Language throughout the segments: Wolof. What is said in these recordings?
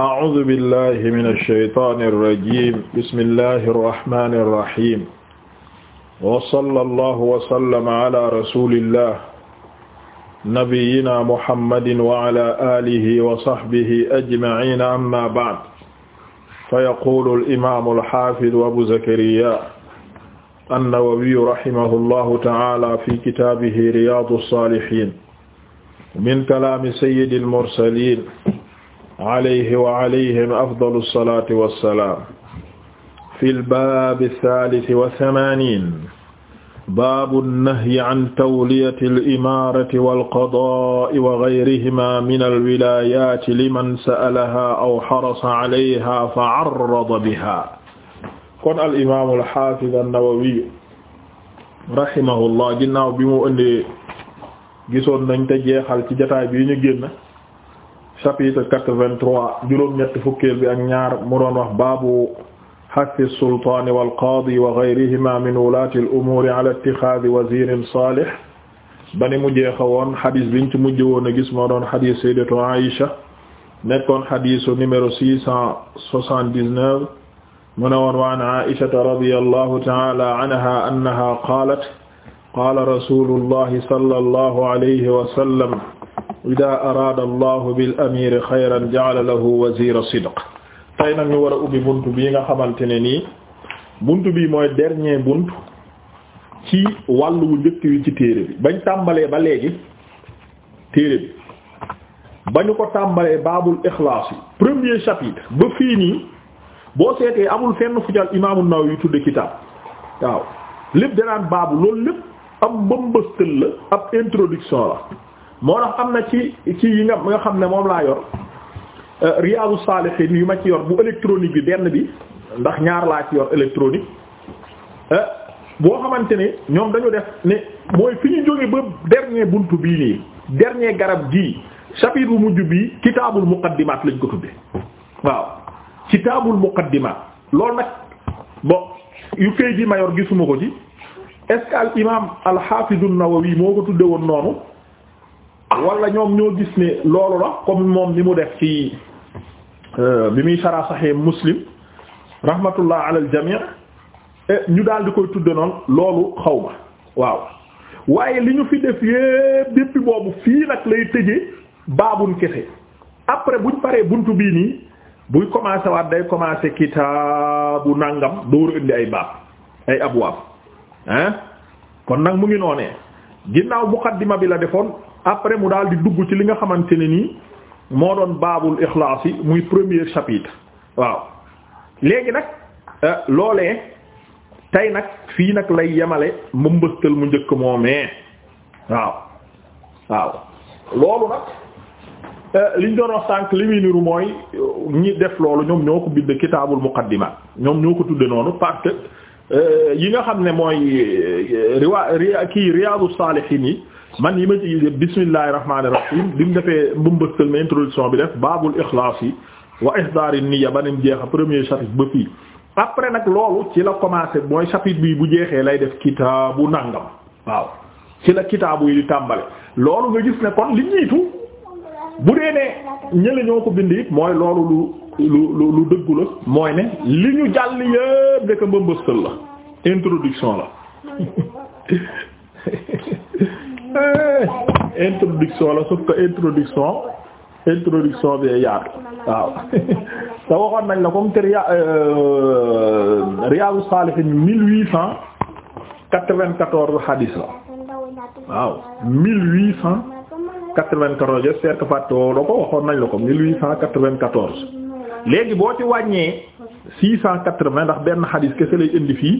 أعوذ بالله من الشيطان الرجيم بسم الله الرحمن الرحيم وصلى الله وسلم على رسول الله نبينا محمد وعلى آله وصحبه أجمعين أما بعد فيقول الإمام الحافظ أبو زكريا النووي رحمه الله تعالى في كتابه رياض الصالحين من كلام سيد المرسلين alayhi wa alayhim afdalu salaati wa salaam. fil baabi saalisi wa samaaniin. baabu nahyi an tawliyatil imaarati wal qadaa'i wa gayrihimaa minal wilaayaati liman sa'alahaa aw harasa alayhaa fa arrada bihaa. kon al imaam al haafiz an-Nawawi rahimahullah ginnaaw bi mu ëndee gisoon nañ te jeexal ci jotaay bi ñu génn. chapitre quatre-vingt-trois juróom-ñett fukkeel bi ak ñaar mu doon wax baabu hakki sultaani wal qaadi wa gayrihima min wulaati al umuuri ala ittixaadi wazirin saalih ba ni mu jeexa woon xadis biñ ci mujj woon a gis moo doon xadis sayyidatu Aïcha nekkoon xadisu numéro six cent soixante-dix-neuf mu ne woon wa an Aïchata radiyallahu ta'ala anha annaha qaalat qaala rasuulullahi sallallahu alayhi wa sallam ida araada allahu bil amiri xayran ja'ala lahu wazira sidq tey nag ñu war a ubbi bunt bii nga xamante ne nii bunt bii mooy dernier bunt ci wàllu wu njëkk wi ci téere bi bañ tàmbalee ba léegi téere bi ba ñu ko tàmbalee baabul ixlaas yi premier chapitre ba fii nii boo seetee amul fenn fu jàll imaamu Nawawi tudde kitaab waaw lépp danaan baabu loolu lépp ab mbëmbëstal la ab introduction la moo tax am na ci ci yi nga nga xam ne moom laa yor euh, Riyadou Salihine yu ma ci yor bu électronique bi benn bi ndax ñaar laa ci yor électronique euh, boo xamante ni ñoom dañu def ni mooy fi ñu jóge ba dernier bunt bii nii dernier garab gii chapitre bu mujj bii kitaabul muqaddimaat lañ ko tudde waaw kitaabul muqaddimaat loolu nag bon yu kay ji mayor gisuma ko ci est-ce que al imaam al-Hafiz an-Nawawi moo ko tudde woon noonu voilà wala ñoom ñoo gis ne loolu la comme moom ni mu def ci euh, bi muy sara Sahih Muslim rahmatullah ala al jami' e ñu daal di koy tudde noonu loolu xaw ma waaw waaye li ñu fi def yépp depuis boobu fii nag lay tëjee baabun kese après buñ paree buntu bii nii buy commencé waat day commencé kitaabu nangam dooru indi ay baab ay abwaab hein kon nag mu ngi noonee ginnaaw muqaddima bi la defoon après mu daal di dugg ci li nga xamante ne nii moo doon baabul ixlaas yi muy première chapitre waaw léegi nag euh, loolee tey nag fii nag lay yemale mbëmbëstal mu njëkk moomee waaw waaw loolu nag euh, liñ doon wax sànq li muy niru mooy euh, ñi def loolu ñoom ñoo ko bind kitaabul muqaddima ñoom ñoo ko tudde noonu parce yi nga xam ne mooy euh, riwa kii Riyadou Salihine yi man yi ma ci def bismillahir rahmanir rahim bi mu defee mbëmbëstal ma introduction bi def baabul ikhlaas wa ihdaari niyya ba nim jeexa premier chapitre ba fii après nag loolu ci la commencé mooy chapitre bi bu jeexee lay def kitaabu nàngam waaw ci la kitaabu yi di tàmbale loolu nga gis ne kon li ñiitu bu dee ne ñële ñoo ko bind it mooy loolu lu lu lu dëggu la mooy ne li ñu jàll yëpp dëkk mbëmbëstal la introduction la introduction la sauf introduction introduction bi yaatu waaw te waxoon nañ la comme que euh, Riyâdous Sâlihîne mille huit cent quatre-vingt-quatorze hadis la waaw mille huit cent quatre-vingt-quatorze j'espère que fàtte woo ko waxoon nañ la ko mille huit cent quatre-vingt-quatorze léegi boo ci wàññee six cent quatre vingt ndax benn xadis kese lay indi fii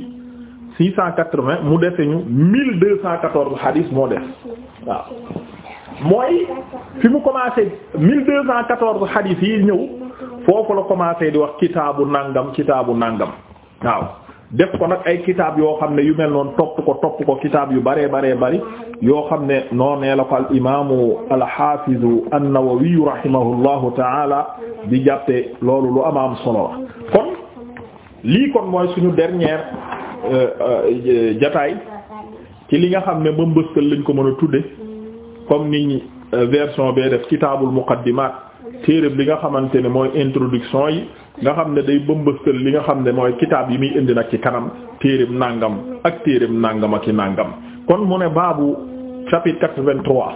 six cent quatre-vingts mu defe ñu mille deux cent quatorze xadis moo def waaw mooy fi mu commencé mille deux cent quatorze xadis yi ñëw foofu la commencé di wax kitaabu nangam kitaabu nangam waaw def ko nag ay kitaab yoo xam ne yu mel noon topp ko topp ko kitaab yu bëree baree bari yoo xam ne noonee la ko al imaamu alxafizu an-Nawawi rahimahullahu taala di jàppe loolu lu amaam solo la kon lii kon mooy suñu dernière euh, euh, jataay ci li nga xam ne mbëmbëstal lañ ko mën a tudde comme niñ euh, version bee def kitaabul muqaddimaat téeréb li nga xamante ne mooy introduction yi nga xam ne day bëmbëstal li nga xam ne mooy kitaab yi muy indi nag ci kanam téereem nàngam ak téereem nàngam ak i nàngam kon mu ne baabu chapitre quatre-vingt-trois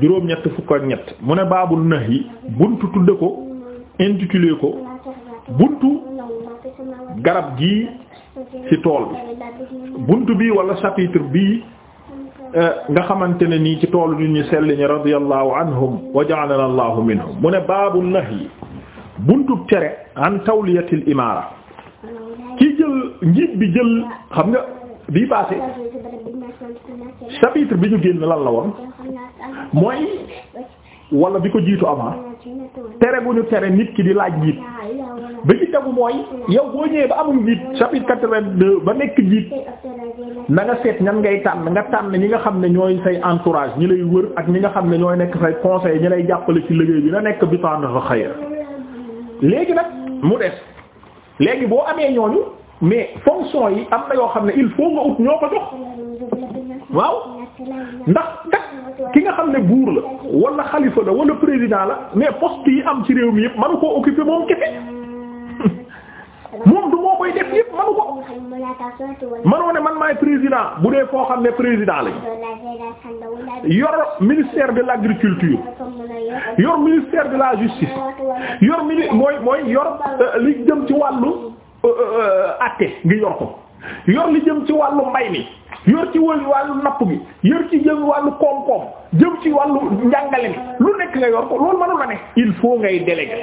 juróom ñett fukk ñett mu ne baabu nax yi buntu tudde ko intitulé ko buntu garab gii ci tool bi buntu bii wala chapitre bii eh, nga xamante ne nii ci tool yu ñuy sell ñi radiyallahu anhum wa ja'alana allahu minhum mu ne baabu nax yi buntub tere an tawliyatil imaara ki jël njiit bi jël xam nga bii passé chapitre bi ñu génn lan la woon mooy wala bi ko jiitu avant tere bu ñu tere nit ki di laaj njiit bi ci tegu mooy yow boo ñëwee ba amul njiit chapitre quatre ba nekk njiit na nga seet ñan ngay tànn nga tànn ñi nga xam ne ñooy say entourage ñi lay wër ak ñi nga xam ne ñooy nekk say conseil ñi lay jàppale ci liggéey bi na nekk bi tànn fa léegi nag mu des léegi boo amee ñooñu mais fonction yi am na yoo xam ne il faut nga ut ñoo ko jox waaw ndax kat ki nga xam ne buur la wala xalifa la wala président la mais poste yi am ci réew mi yëpp manu koo occuper moom kese moom du moo koy def yépp manu ko manoo ne man maay président bu dee foo xam ne président lañ yor ministère de l'agriculture yor ministère de la justice yor mini mooy mooy yor euh, li jëm ci wàllu àtte euh, euh, ngi yor ko yor li jëm ci wàllu mbay mi yor ci wàllu wàllu napp gi yor ci jëm wàllu koom-koom jëm ci wàllu njàngale bi lu nekk nga yor ko loolu mënu la ne il faut ngay délégué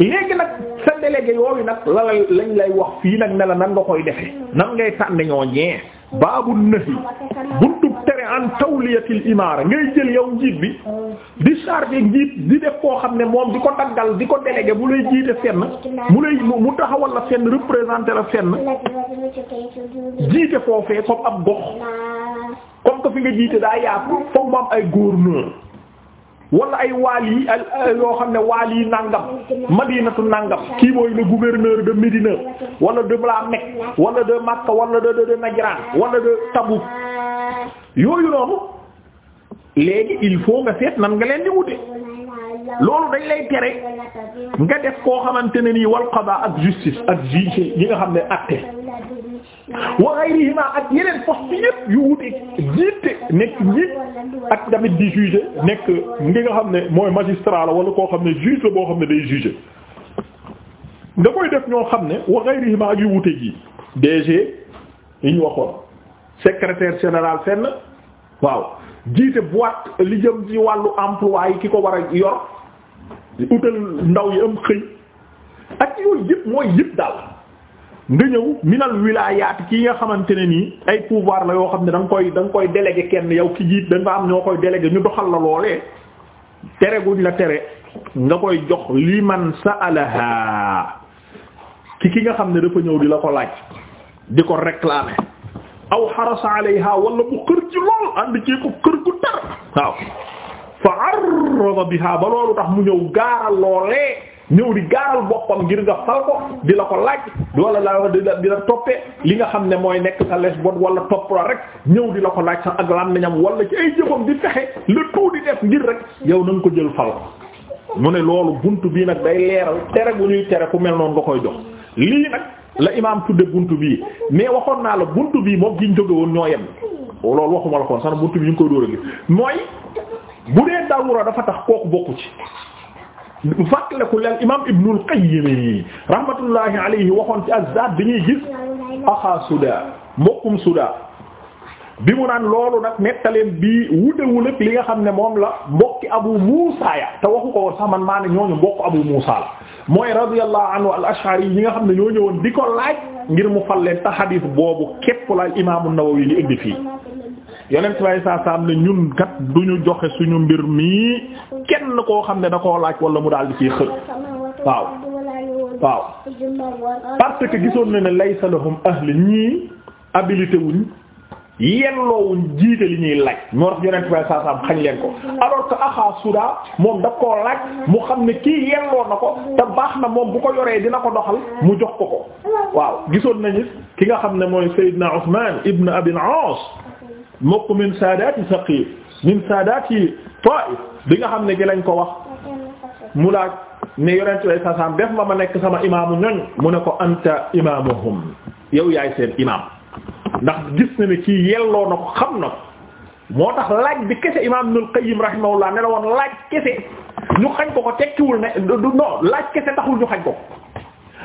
léegi nag sa délégué yooyu nag la lañ lay wax fii nag nela la nan nga koy defee nan ngay tànn ñoo ñee baabu nahi tere an tawliyatil imaara ngay jël yow njiit bi di chargé njiit di def koo xam ne moom di ko daggal di ko délégué bu lay jiite fenn mu lay mu taxawal la fenn représenté la fenn jiite foofee comme ab gox comme que fi nga jiite daa yaatu foog mu am ay gouverneur wala ay waal yi yoo xam ne waal yi nàngam madinatu nàngam kii mooy gouverneur de Médina wala de la Mecque wala de Makka wala de de Najran wala de Tabuk yooyu noonu léegi il faut nga seet nan nga leen di wuti loolu dañ lay tere nga def koo xamante ne nii wal qada ak justice ak juge yi nga xam ne acte wa ghayrihima ak yeneen poste yëpp yu wute jiite nekk njiit ak tamit di juger nekk ngi nga xam ne mooy magistrat la wala koo xam ne juge la boo xam ne day juger nga koy def ñoo xam ne wa ghayrihima ak yu wute ji DG yi ñu waxoon secrétaire général fenn waaw jiite boîte li jëm ci wàllu emploi yi ki ko war a yor utal ndaw yi am xëy ak yooyu yëpp mooy yëpp daal nga ñëw minal wilaayaat ki nga xamante ne nii ay pouvoir la yoo xam ne da koy da koy délégué kenn yow ki jiit da nga am ñoo koy délégué ñu doxal la loolee tere guñ la tere nga koy jox li man sa'alaha ki ki nga xam ne dafa ñëw di la ko laaj di ko réclamer aw xarasa alayha wala mu kër ci lool ànd ci ko kër gu tar waaw fa arrada biha ba loolu tax mu ñëw gaaral loolee ñëw di gaaral boppam ngir nga fal ko di la ko laaj wala la di la la toppee li nga xam ne mooy nekk sa lesbon wala topp la rek ñëw di la ko laaj sax ak làmmiñam wala ci ay jëfam di fexe le tout di def ngir rek yow na nga ko jël fal ko mu ne loolu bunt bii nag day leeral tere bu ñuy tere ku mel noonu nga koy jox lii nag la imaam tudde bunt bii mais waxoon naa la bunt bii moom gi jóge woon ñoo yem loolu waxuma la koon sax buntu bi ñu ngi koy dóor a gis mooy bu dee darura dafa tax kooku bokku ci fàttaleku leel imam Ibnul Qayyim yi rahmatullahi alayhi waxoon ci azad bi ñuy gis axaa suda mbokkum suda bi mu naan loolu nag nettaleen bii wutewul ak li nga xam ne moom la mbokki abu muusa ya te waxu ko woon sax man maa ne ñooñu mbokk abu muusa la mooy radiyallahu anhu al ashari ñi nga xam ne ñoo ñëwoon di ko laaj ngir mu fal leen te xadiis boobu képp la imaamu nawawi li indi fii yonent bay saa saam ne ñun kat du ñu joxe suñu mbir mii kenn koo xam ne da ko laaj wala mu daal di ciy xër waaw waaw parce que gisoon na ne laysa lahum ahli ñii habilité wuñ yelloowuñ jiite li ñuy laaj moo tax yonent bi saa saam xañ leen ko alors que axa suda moom daf koo laaj mu xam ne kii yelloo na ko te baax na moom bu ko yoree dina ko doxal mu jox ko ko waaw gisoon nañu ki nga xam ne mooy Seydina Usman ibn Abil Aas mokk min saadaati Saqiif min saadaati Taa'if bi nga xam ne gi lañ ko wax mu laaj ne yonent bi saa saam def ma ma nekk sama imaamu ñoñ mu ne ko anta imaamuhum yow yaay seen imaam ndax gis na ne kii yelloo xam na ko moo tax laaj bi kese imaam Ibnul Qayyim rahimahullah ne la woon laaj kese ñu xañ ko ko tekkiwul ne non laaj kese taxul ñu xañ ko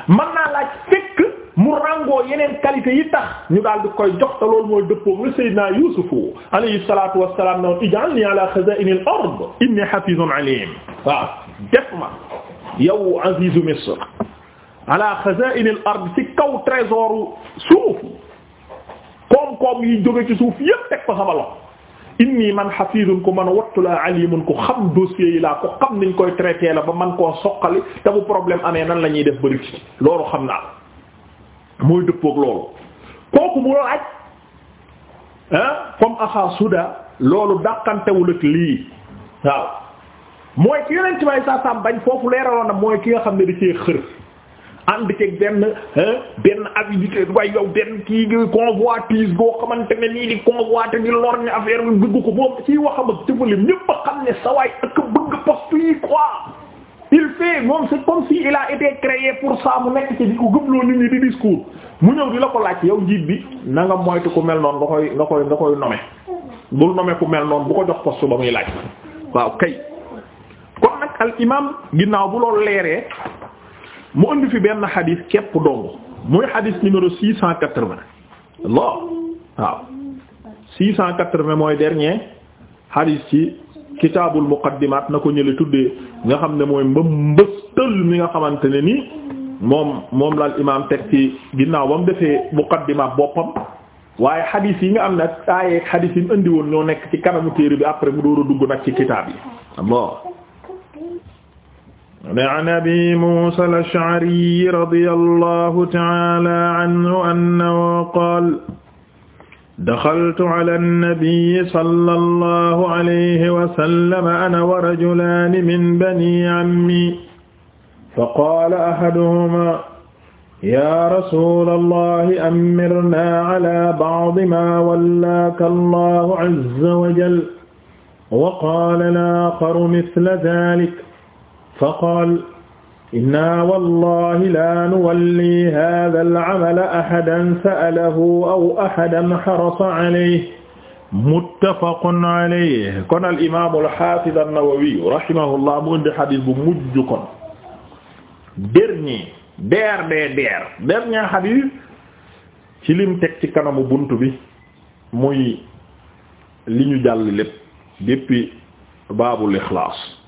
mën naa laaj fekk mu ràngoo yeneen qualité yi tax ñu daal di koy jox te loolu mooy dëppoo la Seydina Yuusufu alayhi salaatu wassalaam na woon ij'alni ala xazaa'inil ard inni hafiizun aliim waaw def ma yow azizu misr ala xazaa'inil koom yi jóge ci suuf yépp teg ko sama loxo inni man hafizun ku man wattu la alimun ku xam dossier yi laa ko koy traité la ba man koo soqali te problème amee nan la ñuy def bëri loolu xam naa mooy dëppook kooku mu laaj ah comme axa suda loolu dàqantewul ak lii waaw mooy ki yonent bay sa sam bañ foofu leeraloon na mooy ki nga xam ne di cee xër ànd ceeg benn benn avidité waaye yow benn kii convoitise boo xamante ne nii di convoité di lor ne affaire bi bëgg ko moom ciy wax am ak jëfalim a xam ne sawaay ak bëgg poste yi moom c'est comme si il été créé pour ça mu nekk ci di ko gëbloo nit ñi di discours mu ñëw di la ko laaj yow njiit bi na nga moytu ku mel noon nga koy nga koy nga koy nommer bul nommer ku mel noon bu ko jox poste ba muy laaj waaw kay kon nag al ginnaaw bu loolu leeree mu indi fi benn xadis képp dong muy xadis numéro six cent quatre-vingts Allah waaw six cent quatre-vingts mooy dernier xadis ci kitaabul muqaddimaat na ko ñële tuddee nga xam ne mooy mbëmbëstal mi nga xamante ne nii moom moom laal imaam teg ci ginnaaw ba mu defee muqaddimaat boppam waaye xadis yi nga am ne ak aayee xadis yi mu indi woon ñoo nekk ci kanamu téere bi après mu door a dugg nag ci kitaab yi Allah an abi muusa al-ash'ari radiyallahu ta'ala anhu annahu qaala daxaltu ala nabiyyi sallallahu alayhi wa sallam ana wa rajulaani min bani ammi faqaala ahaduhumaa yaa rasuulallahi ammirnaa ala ba'di maa wallaaka Allahu azza wa jalla wa qaala al-aaxaru misla zaalika faqaal inna wallahi la nuwalli hada alcamal ahadan sa'alahu aw ahadan harasa alayhi muttafaqun alayhi kon alimamu alhafiz an-Nawawi rahimahullah mu indi xadis bu mujj kon dernier der de der dernier xadis ci lim teg ci kanamu bunt bi muy li ñu jàll lépp depuis baabul ixlaas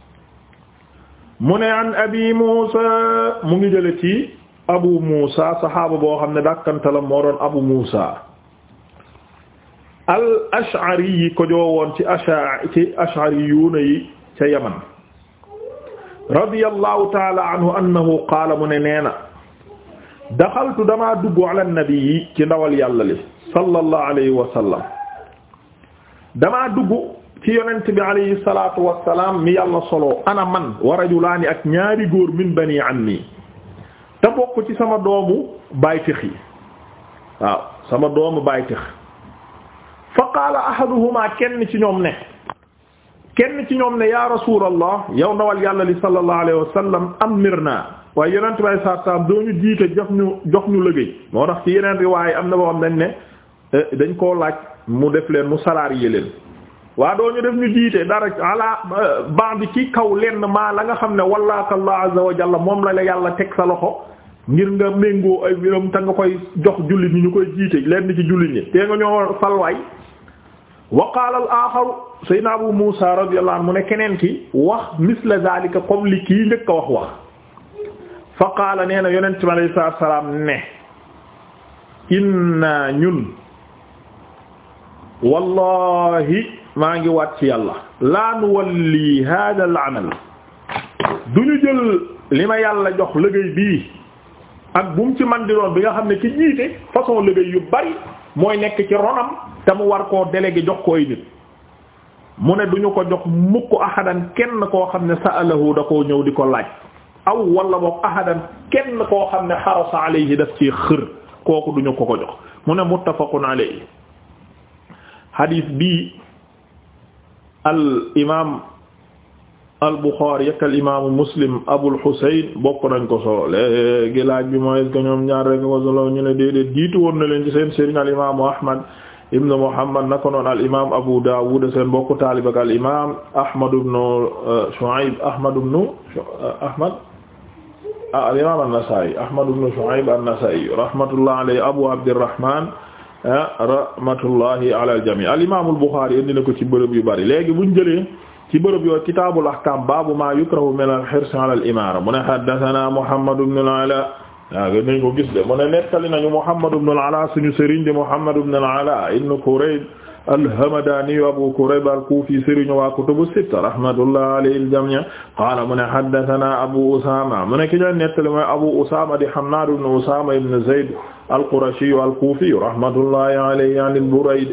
mu ne an abi Muusa mu ngi jële ci abu Muusa saxaaba boo xam ne dàkkantalam moo doon abu Muusa al ashari yi ko joowoon ci asha ci ashari yuuna yi ca yaman radiyallahu taala anhu annahu qaala mu ne nee na daxaltu dama dugg ala nabi ci ndawal yàlla li sallallahu alayhi ci yonent bi alayhi salaatu wassalaam mi yàlla solo ana man wa rajulaani ak ñaari góor min bani ammi te bokk ci sama doomu baytix yi waaw sama doomu baytix fa qaala ahaduhuma kenn ci ñoom ne kenn ci ñoom ne ya rasulallah yow ndawal yàlla li sallallahu alayhi wa sallam amir naa waaye yonent bi alayhi salaatu doo ñu jiite jox ñu jox ñu liggéey moo tax ci yeneen riwaay am na boo xam dañ ne eh, dañ koo laaj mu def leen mu salarié leen waa doo ñu def ñu jiite dara ala euh, ba'd ci kaw lenn maa la nga xam ne wallaaka Allah wa jalla moom la la yàlla teg sa loxo ngir nga méngoo ay mbiram te nga koy jox julli ñi ñu koy jiite lenn ci jullit ñi te nga ñoo salwaay wa qaala al aaxaru sayyidina Abu Muusa radiyallahu anhu mu ne keneen ki wax misla zaalika comme li kii njëkk a wax wax fa qaala nee yonent bi wa salaam ne inna ñun wallahi maa ngi waat ci yàlla laa nuwalli hada al amal du ñu jël li ma yàlla jox liggéey bii ak bu mu ci man di bi nga xam ne ci jiite façon liggéey yu bari mooy nekk ci ronam te mu war koo gi jox ko ay nit mu ne du ñu ko jox mukk ahadan kenn koo xam ne sa'alahu da koo ñëw di ko laaj aw walla boog ahadan kenn koo xam ne xarasa alayhi def ci xër kooku du ñu ko ko jox mu ne muttafaqun alayhi hadith bii al imaam al Buxaari ak al imaamu Muslim Abul Husayn bokk nañ ko solo léegi laaj bi mooy est-ce que ñoom ñaar rek ko solo ñu ne déedéet jiitu woon na leen ci seen sëriñ al imaamu Ahmad ibn Muhammad naka al imaam Abu Daawud seen bokk taalib al imaam Ahmad ibn euh, Shu'ayb Ahmad ibn euh, ah, al imaam an-Nasaa'i Ahmad ibn Shu'ayb an-Nasaa'i rahmatullahi alayhi Abu Abdirrahmaan rahmatullahi ala aljami al imam al Bukhari indi na ko ci bërëb yu bari léegi buñ jëlee ci bërëb yooyu kitaabul ahkaam baabu maa yukrahu min al hirs ala al imaara mu ne haddathana Muhammad ibn al Ala waaw gën nañ ko gis de mu ne nettali nañu Muhammad ibn al Ala suñu sëriñ de Muhammad ibn al Ala alhamadani abu kurayb al-kufi sëriñu waa kutubu sitta rahmatullah alayhi al-jami' qaala mu ne haddathana abu usama mu ne ki ñoon nettali mooy abu usama di hammad ibn usama ibn zayd al-qurashi al-kufi rahmatullahi alayhi an al-burayd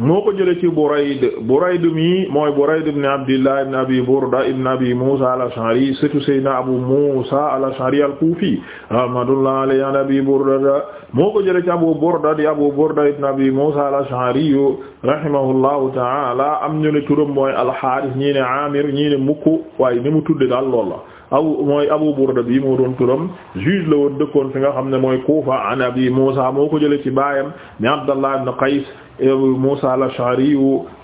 moo ko jële ci Burayd Burayd mi mooy Burayd ibn Abdillah ibn Abi Burda ibn Abi Musa al-Ash'ari surtout Seydina Abu Musa al-Ash'ari al-Kufi rahmatullah alayhi an Abi Burda moo ko jële ci Abu Burda di Abu Burda ibn Abi Musa al-Ash'ari rahimahullahu ta'ala am ñu ne turam mooy al-Harith ñii ne Amir ñii ne mukk waaye ni mu tudde daal loolu la abu mooy abu burda bi moo doon turam juge la woon dëkkoon fi nga xam ne mooy kuufa an abi muusa moo ko jële ci baayam ni abdallah ibn qais abu muusa al-ash'ari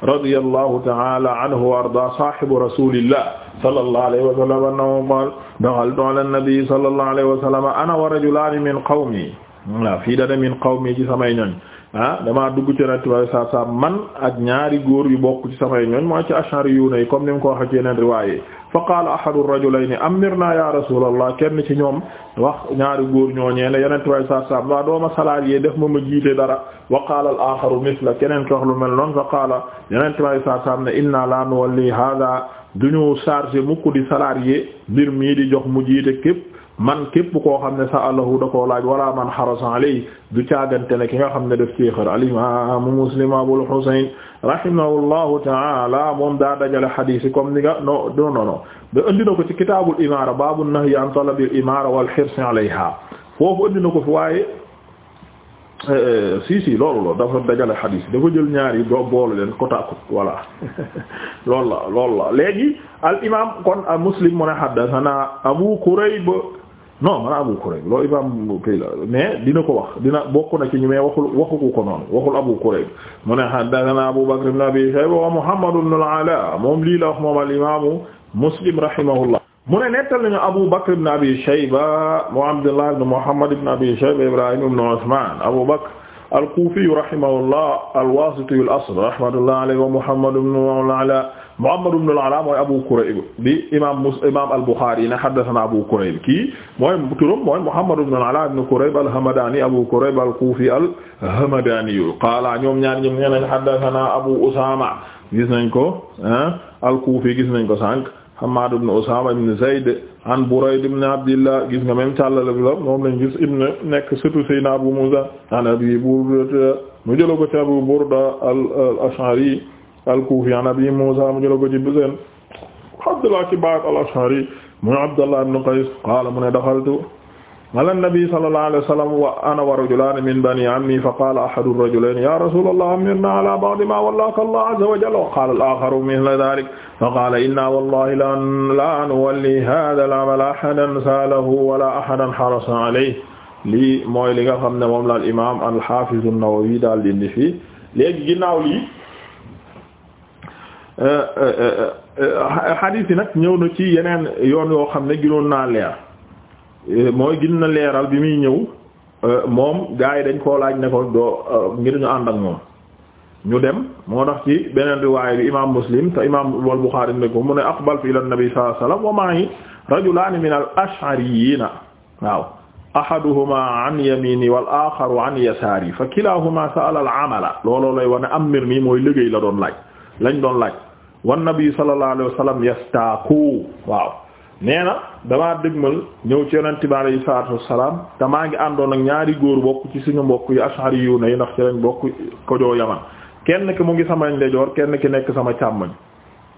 radiyallahu ta'ala anhu wa arda sahibu rasulillah sallallahu alayhi wa sallam annahu qaala dakhaltu ala an-nabi sallallahu alayhi wa sallam ana wa rajulani min qawmi la fii dane min qawmi ci samay ñoñ ah damaa dugg ci ratiwaay saa saa man ak ñaari góor yu bokk ci samay ñoñ moo ci ashari yu ne comme ni mu ko waxee ci yeneen riwaaye fa qaala ahadu am amirna ya rasulallah kenn ci ñoom wax ñaari góor ñooñee ne yeneen riwaaye saa saa waaw dooma salarié def ma mu jiite dara wa qaala al aaxaru misla keneen ki wax lu mel noonu fa qaala yeneen riwaaye saa saa ne inna la nuwalli hada du ñu chargé mukk di salarié mbir mii di jox mu jiite képp. man képp koo xam ne sa àllahu da koo man xarasa alay du caagante ne ki nga xam ne def ceexër al imaamu muslim abul husayn rahimahullahu taala moom daa dajale xadiis yi comme ni nga no non non da indi na ko ci kitaabul imaara baabu nahyi an talabil imaara wal hirsi alayha foofu ko fi eh, eh, si si loolu la dafa dajale xadiis dafa jël ñaar yi doo leen ko à côte voilà loolu la loolu la léegi al imaam kon al muslim mu ne haddathana abu kurayb non man Abu Kurayb loolu imam kii la mais dina ko wax dina bokk na ci ñu mais waxul waxu ko noonu waxul Abu Kurayb mu ne haddathana Abu Bakr ibn Abi Shayba wa Muhammad ibn al-Ala moom lii la wax moom al-imam Muslim rahimahullah mu ne nettal nañu Abu Bakr ibn Abi Shayba wa Abdullah ibn Muhammad ibn Abi Shayba Ibrahim ibn Uthman Abu Bakr al-Kufi rahimahullah al-Wasiti al-asl rahmatullah alayhi wa Muhammad ibn al-Ala Muhammad ibn al-Ala mooy Abu Kurayb bi imaam mus imaam al-Bukhari yi ne haddathana Abu Kurayb kii mooy turam mooy Muhammad ibn al-Ala ibn Kurayb al-Hamadani Abu Kurayb al-Kufi al-Hamadani qaala ñoom ñaar ñoom ñeneen haddathana Abu Usama gis nañ ko al-Kufi gis nañ ko sànq Hammad ibn Usama ibn Zayd an Burayd ibn Abdillah gis nga même càllala bi la moom lañ gis ibn nekk surtout Sayyidina Abu Musa an Abi Burda mu jëla ko ci Abu Burda al-Ash'ari al-Kufi an Abi Musa mu jëla ko ci biseen Abdullah ci baat al-Ash'ari mu Abdullah ibn Qays qaala mu ne daxaltu ala nabi sallallahu alayhi wa sallam wa ana wa rajulani min bani ammi fa qaala ahadu ar-rajulayn ya rasulallah amirna ala ba'di ma wallaka Allah azza wa jalla wa qaala al-akharu mithla dhalik fa qaala inna wallahi la nuwalli hadha al-amal ahadan salahu wala ahadan harasa alayhi lii mooy li nga xam ne moom la al-imam al-hafiz an-Nawawi daal di indi fii léegi ginnaaw lii xadiis euh, euh, euh, yi nag ñëw na ci yeneen yoon yoo xam ne ginoon naa leer mooy gin na leeral bi muy ñëw moom gars yi dañ koo laaj ne ko doo ngir ñu ànd ak moom ñu dem moo tax ci beneen riwaaya bi imaam muslim te imaam wal buxaari ne ko mu ne aqbaltu ila nabi sallallahu alayhi wasallam wa ma'i rajulaani min al ash'ariyyiina waaw ahaduhuma an yamini wal axaru an yasaari fa kilahuma sa'ala al amala looloo lay wane am mbir mi mooy liggéey la doon laaj lañ doon laaj wan nabi sallallahu alayhi wa sallam yastaaku waaw nee na damaa dëgmal ñëw ci yonente bi alayhi salaatu wassalaam te maa ngi àndoon ak ñaari góor bokk ci suñu mbokk yi ashari yiw na yi ndax ci lañ bokk kojoo yaman kenn ki mu ngi sama ndejoor kenn ki nekk sama càmmoñ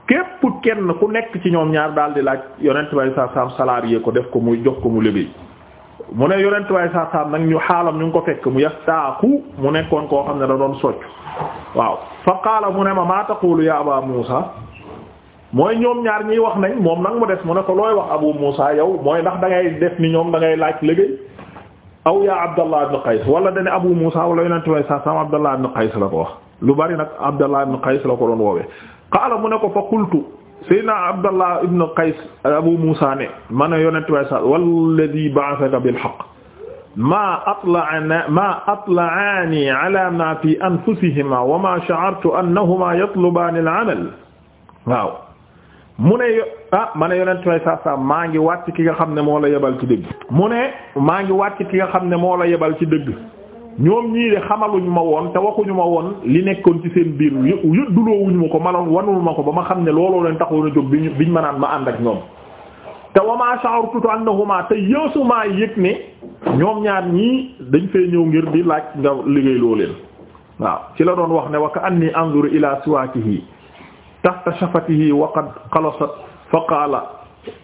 képp kenn ku nekk ci ñoom ñaar daal di laaj yonente bi alayhi salaatu wassalaam salarié ko def ko muy jox ko mu lébéy mu ne yonent waaye saa nag ñu xaalam ñu ngi ko fekk mu yastaaku mu nekkoon koo xam ne da doon socc waaw fa qaala mu ne ma maa taqulu ya aba Muusa mooy ñoom ñaar ñiy wax nañ moom nag mu des mu ne ko looy wax abu Muusa yow mooy ndax da ngay def ni ñoom da ngay laaj liggéey aw ya Abdallah ibn Qays wala dane abu Muusa wala yonent waaye saa saam Abdallah ibn Qays la ko wax lu bari nag Abdallah ibn Qays la ko doon woowee qaala mu ne ko fa qultu Seydina Abdallah ibn Qays Abu Musa ne ma ne yonent way sa walladhi ba'athaka bil haqq maa atla'ana maa atla'aani ala ma fi anfusihima wa ma sha'artu annahuma yatlubaani al-amal waaw mu ne ah ma ne yonent way sa sa maa ngi wàcc ki nga xam ne moo la yebal ci dëgg mu ne maa ngi wàcc ki nga xam ne moo la yebal ci dëgg ñoom ñii de xamaluñ ma woon te waxuñu ma woon li nekkoon ci seen biir yë yëdduloowuñu ma ko maloon wanul ma ko ba ma xam ne looloo leen taxoon a jóg biñ ñu ma naan ma ànd ak ñoom te wama sha'artu annahuma te yéesumaa yëg ne ñoom ñaar ñii dañ fee ñëw ngir di laaj nga liggéey loo leen waaw ci la doon wax ne wa ka anni anzuru ila siwaakihi tahta shafatihi wa qad qalasat fa qaala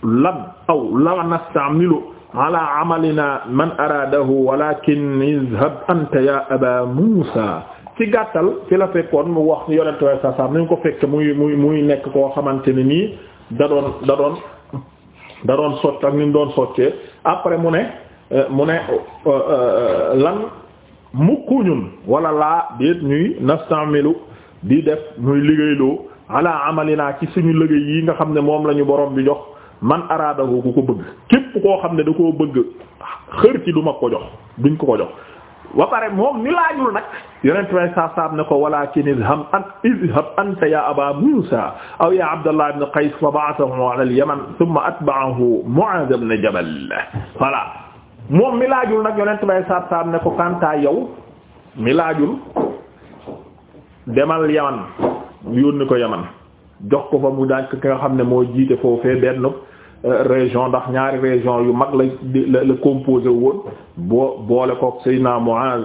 lan aw la nasta'milu ala amalina man araadahu walakin izhab anta ya aba muusa ci gàttal fi la fekkoon mu wax yonent way sa sam nañ ko fekk muy muy nekk koo xamante ne nii da doon da doon da doon sott ak mu après mu ne mu ne euh, euh, lan mukku ñun wala laa déet ñuy nastamilu di def muy liggéeyloo ala amalina ci suñu liggéey yi nga xam ne moom la ñu borom bi jox man araadahu ku ko bëgg képp koo xam ne da ko bëgg xër ci du ma ko jox duñ ko ko jox wa pare moom ni nag yonent way saasaam ne ko walakin idham an idhab anta ya aba musa aw ya abdallah ibn qais fa ba'athahu ala yaman thumma atba'ahu mu'adh ibn jabal voilà moom mi nag yonent way saasaam ne ko kanta yow mi laajul demal yaman yónni ko yaman jox ko fa mu daaj ki nga xam ne moo jiite foofee benn région ndax ñaari région yu mag la la composé woon boo boole kook Seydina Muaz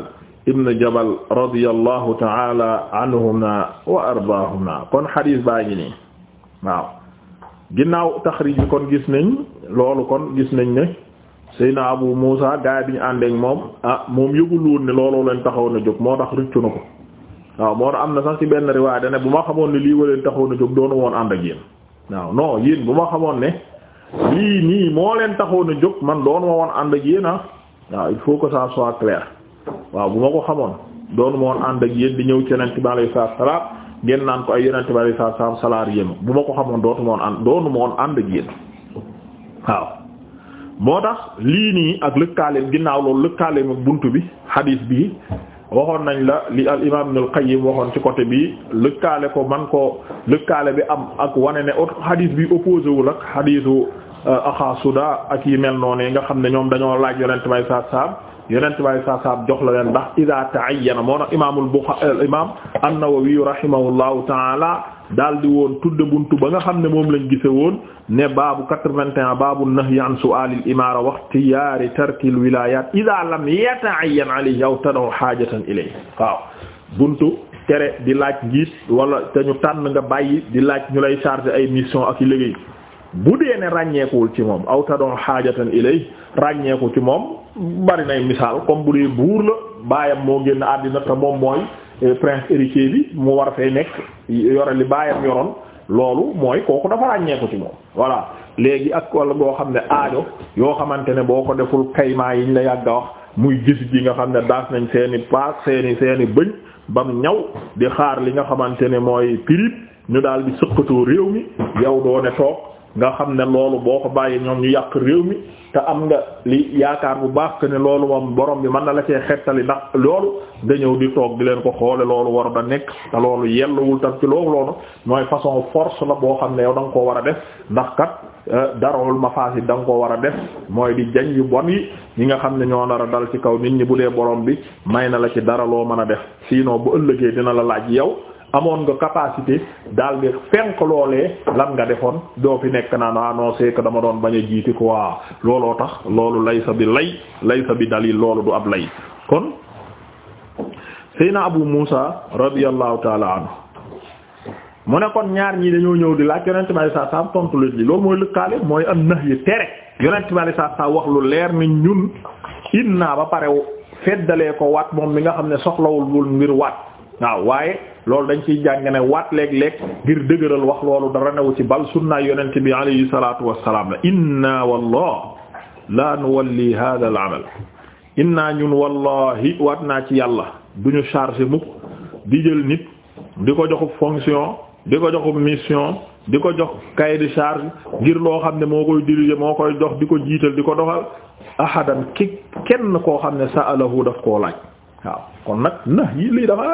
ibn Jabal radiyallahu ta'ala anhuma wa ardaahuma kon xadiis waaw ginnaaw taxrij bi kon gis nañ loolu kon gis nañ ne Seydina Abu Muusa gaay bi ñu àndeek moom ah moom yëgul woon ne looloo leen taxaw na jóg moo tax rëccu na ko waaw moo tax am na sax ci benn riwaay dane bu ma xamoon ne lii wa leen taxawoon a jóg doonu woon ànd ak yéen waaw non yéen bu ma xamoon ne lii nii moo leen taxoon a jóg man doonu ma woon ànd ak yéen ah waaw il faut que ça soit clair waaw bu ma ko xamoon doonu ma woon ànd ak yéen di ñëw ci yonent bi alayhi salaam ngeen naan ko ay yonent bi alayhi salaam bu ma ko xamoon dootu ma woon ànd doonu ma woon ànd ak yéen waaw. moo tax lii nii ak lëkkaaleem ginnaaw loolu lëkkaaleem ak bunt bi hadith bi. waxoon nañ la li al imaam Ibnul Qayyim waxoon ci côté bii lëkkaale ko man ko lëkkaale bi am ak wane ne ot xadiis bi opposé wul ak xadiisu euh, axaa suda ak yi mel yi nga xam ne ñoom dañoo laaj yonent may saab saab yeneen tubaab saa saab jox la leen ndax idaa ta'ayyana moo tax imaamul Buxaari euh, imaam an-Nawawi rahimahullahu ta'ala daal di woon tudde buntu ba nga xam ne moom lañ gise woon ne baabu 81 baabu su an su'aalil imaara wa ixtiyaari tarkil wilaayaat idaa lam yata'ayyan alayhi aw tad'u haajatan ilayhi waaw buntu tere di laaj njiit wala te ñu tànn nga bàyyi di laaj ñu lay charger ay mission ak i liggéey bu dee ne ràññeekuwul ci moom aw tad'u haajatan ràññeeku ci moom. bari nay misaal comme bu dee buur la baayam moo génn àddina te moom mooy eh, prince héritier bi mu war fee nekk yore li baayam yoroon loolu mooy kooku dafa ràññeeku ci moom voilà léegi ak wala boo xam ne aajo yoo xamante ne boo ko deful kaymaa yiñ la yàgg a wax muy gis gi nga xam ne daas nañ seeni paas seeni seeni bëñ bam ñaw di xaar li nga xamante ne mooy pirip ñu daal di sëqatoo réew mi yow doo ne toog nga xam ne loolu boo ko bàyyee ñoom ñu yàq réew mi te am nga li yaakaar bu baax que ne loolu moom borom bi mën na la cee xettali ndax loolu nga ñëw di toog di leen ko xoole loolu war a da nekk te loolu yelluwul tam ci loolu loolu mooy façon force la boo xam ne yow da nga koo war a def ndax kat euh, darawul mafasid da nga ko war a def mooy di jañ yu bon yi ñi nga xam ne ñoo nar a dal ci kaw nit ñi bu dee borom bi may na la ci dara loo mën a def sinon bu ëllëgee dina la laaj yow amoon nga capacité daal di fenk loolee lan nga defoon doo fi nekk naan annoncé ah que dama doon bañ a jiiti quoi looloo tax loolu laysa bi lay laysa bi dalil loolu du ab lay kon Seyna Abu Musa radiyallahu taala anhu mu ne kon ñaar ñii dañoo ñëw di laaj yonent bi saa tontu leen li loolu mooy lëkkaale mooy am nax yi tere yonent bi wax lu leer ni ñun naa ba pare feddalee ko wat moom mi nga xam ne soxlawul wul ngir waat waaw waaye. loolu dañ ciy jàng ne waat léeg-léeg ngir dëgëral wax loolu dara newu ci bal sunnaay yonent bi alayhi salaatu wassalaam la inna wallah la nuwalli hada al amal inna ñun wallahi waat naa ci yàlla duñu chargé mukk di jël nit di ko joxub fonction di ko joxub mission di ko jox cahier de charge ngir loo xam ne moo koy diriger moo koy jox di ko jiital di ko doxal ahadan ki kenn koo xam ne sa'alahu daf koo laaj waaw kon nag na yi lii dafa